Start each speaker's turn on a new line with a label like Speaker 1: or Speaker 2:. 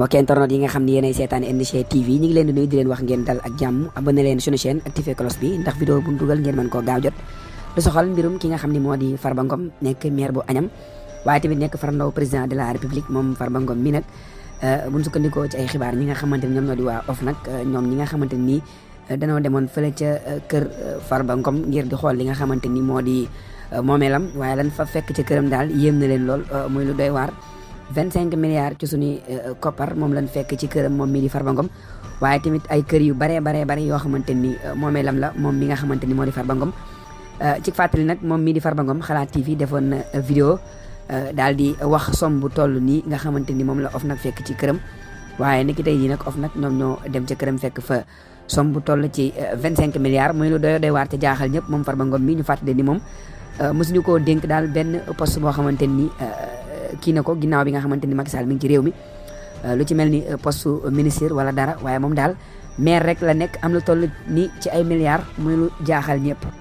Speaker 1: mbokk internet yi nga xam ne yéenay seetaan MDG TV ñu ngi leen di nuyu di leen wax ngeen dal ak jàmm abonné leen suñu chaîne activé cloche bi ndax vidéo bu ngeen mën koo gaaw lu soxal mbirum ki nga xam ne moo di Farba Ngom nekk maire bu Agnam waaye président de la république moom Farba Ngom mi nag euh, bu ñu sukkandikoo ci ay xibaar ñi nga xamante ni ñoom noo di waa OFNAC euh, ñoom ñi nga xamante ni euh, danoo demoon fële ca kër Farba Ngom ngir di xool li nga xamante ni moo di moomeelam waaye lan fa fekk ca këram daal yéem na lool muy lu doy waar vingt cinq milliards ci suñuy euh, koppar moom lañ fekk ci këram moom mii di Farba Ngom waaye tamit ay kër yu baree baree bare yoo xamante ni euh, moomeelam la moom mi nga xamante ni moo di Farba Ngom euh, ci fàttali nag moom mii di Farba Ngom xalaat TV defoon na vidéo daal di wax som bu toll nii nga xamante ni moom la of nag fekk ci këram waaye niki tey jii nag of nag ñoom ñoo dem ca këram fekk fa som bu toll ci vingt cinq milliards muy lu doy waar te jaaxal ñëpp moom Farba Ngom mi ñu fàttali ni moom mosuñu koo dénk daal benn post boo xamante ni kii ne ko ginnaaw bi nga xamante ni Macky Sall mi ci réew mi euh, lu ci mel ni euh, poste ministre wala dara waaye moom daal maire rek la nekk am lu toll ni ci ay milliards muy lu jaaxal ñëpp.